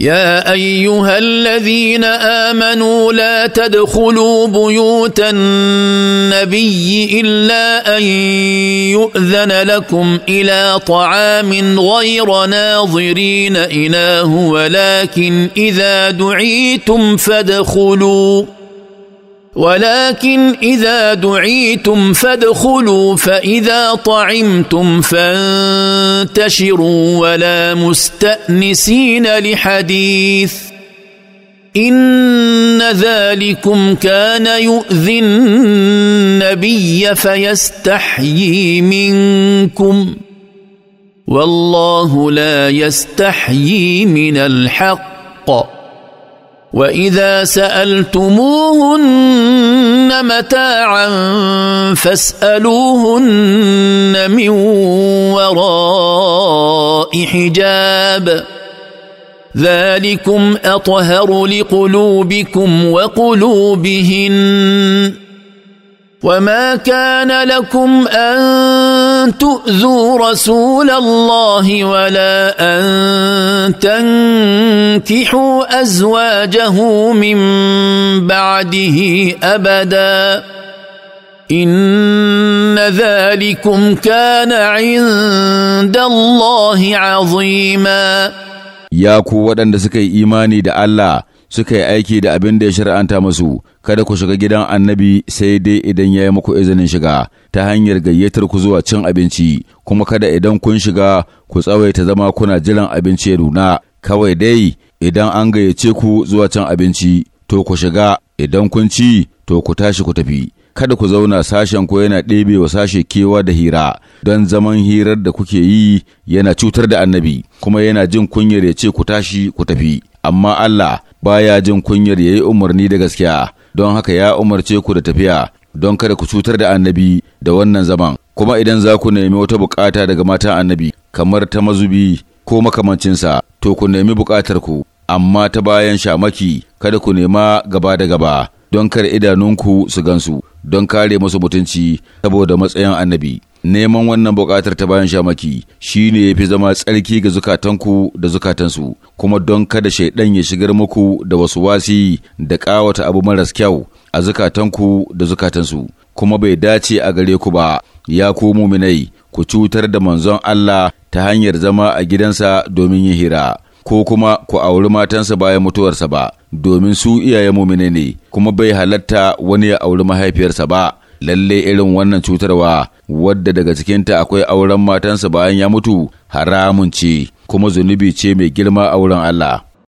يا ايها الذين امنوا لا تدخلوا بيوت النبي الا ان يؤذن لكم الى طعام غير ناظرين اله ولكن اذا دعيتم فادخلوا ولكن اذا دعيتم فادخلوا فاذا طعمتم فانتشروا ولا مستانسين لحديث ان ذلكم كان يؤذي النبي فيستحيي منكم والله لا يستحيي من الحق واذا سالتموهن متاعا فاسالوهن من وراء حجاب ذلكم اطهر لقلوبكم وقلوبهن وما كان لكم ان أن تؤذوا رسول الله ولا أن تنكحوا أزواجه من بعده أبدا إن ذلكم كان عند الله عظيما يا قوة أن تسكي إيماني دا الله suka yi aiki da abin da ya shari'anta musu kada ku shiga gidan annabi sai dai idan ya yi muku izinin shiga ta hanyar gayyatar ku zuwa cin abinci kuma kada idan kun shiga ku tsawaita zama kuna jiran abinci ya nuna kawai dai idan an gayyace ku zuwa cin abinci to ku shiga idan kun ci to ku tashi ku tafi kada ku zauna sashen ko yana ɗebe wa sashe kewa da hira don zaman hirar da kuke yi yana cutar da annabi kuma yana jin kunyar ya ce ku tashi ku tafi amma Allah baya jin kunyar ya yi umarni da gaskiya don haka ya umarce ku da tafiya don kada ku cutar da annabi da wannan zaman kuma idan za ku nemi wata bukata daga matan annabi kamar ta mazubi ko makamancinsa to ku nemi bukatar ku amma ta bayan shamaki kada ku nema gaba da gaba don kar idanunku su gansu don kare musu mutunci saboda matsayin annabi neman wannan buƙatar ta bayan shamaki shi ne ya fi zama tsarki ga zukatanku da zukatansu kuma don kada shaidan ya shigar muku da wasu wasi da ƙawata abu maras kyau a zukatanku da zukatansu kuma bai dace a gare ku ba ya ku muminai ku cutar da manzon Allah ta hanyar zama a gidansa domin yin hira ko kuma ku auri matansa bayan mutuwarsa ba domin su iyayen muminai ne kuma bai halatta wani ya auri mahaifiyarsa ba lalle irin wannan cutarwa wadda daga cikinta akwai auren matansa bayan ya mutu haramun ce kuma zunubi ce mai girma a wurin Allah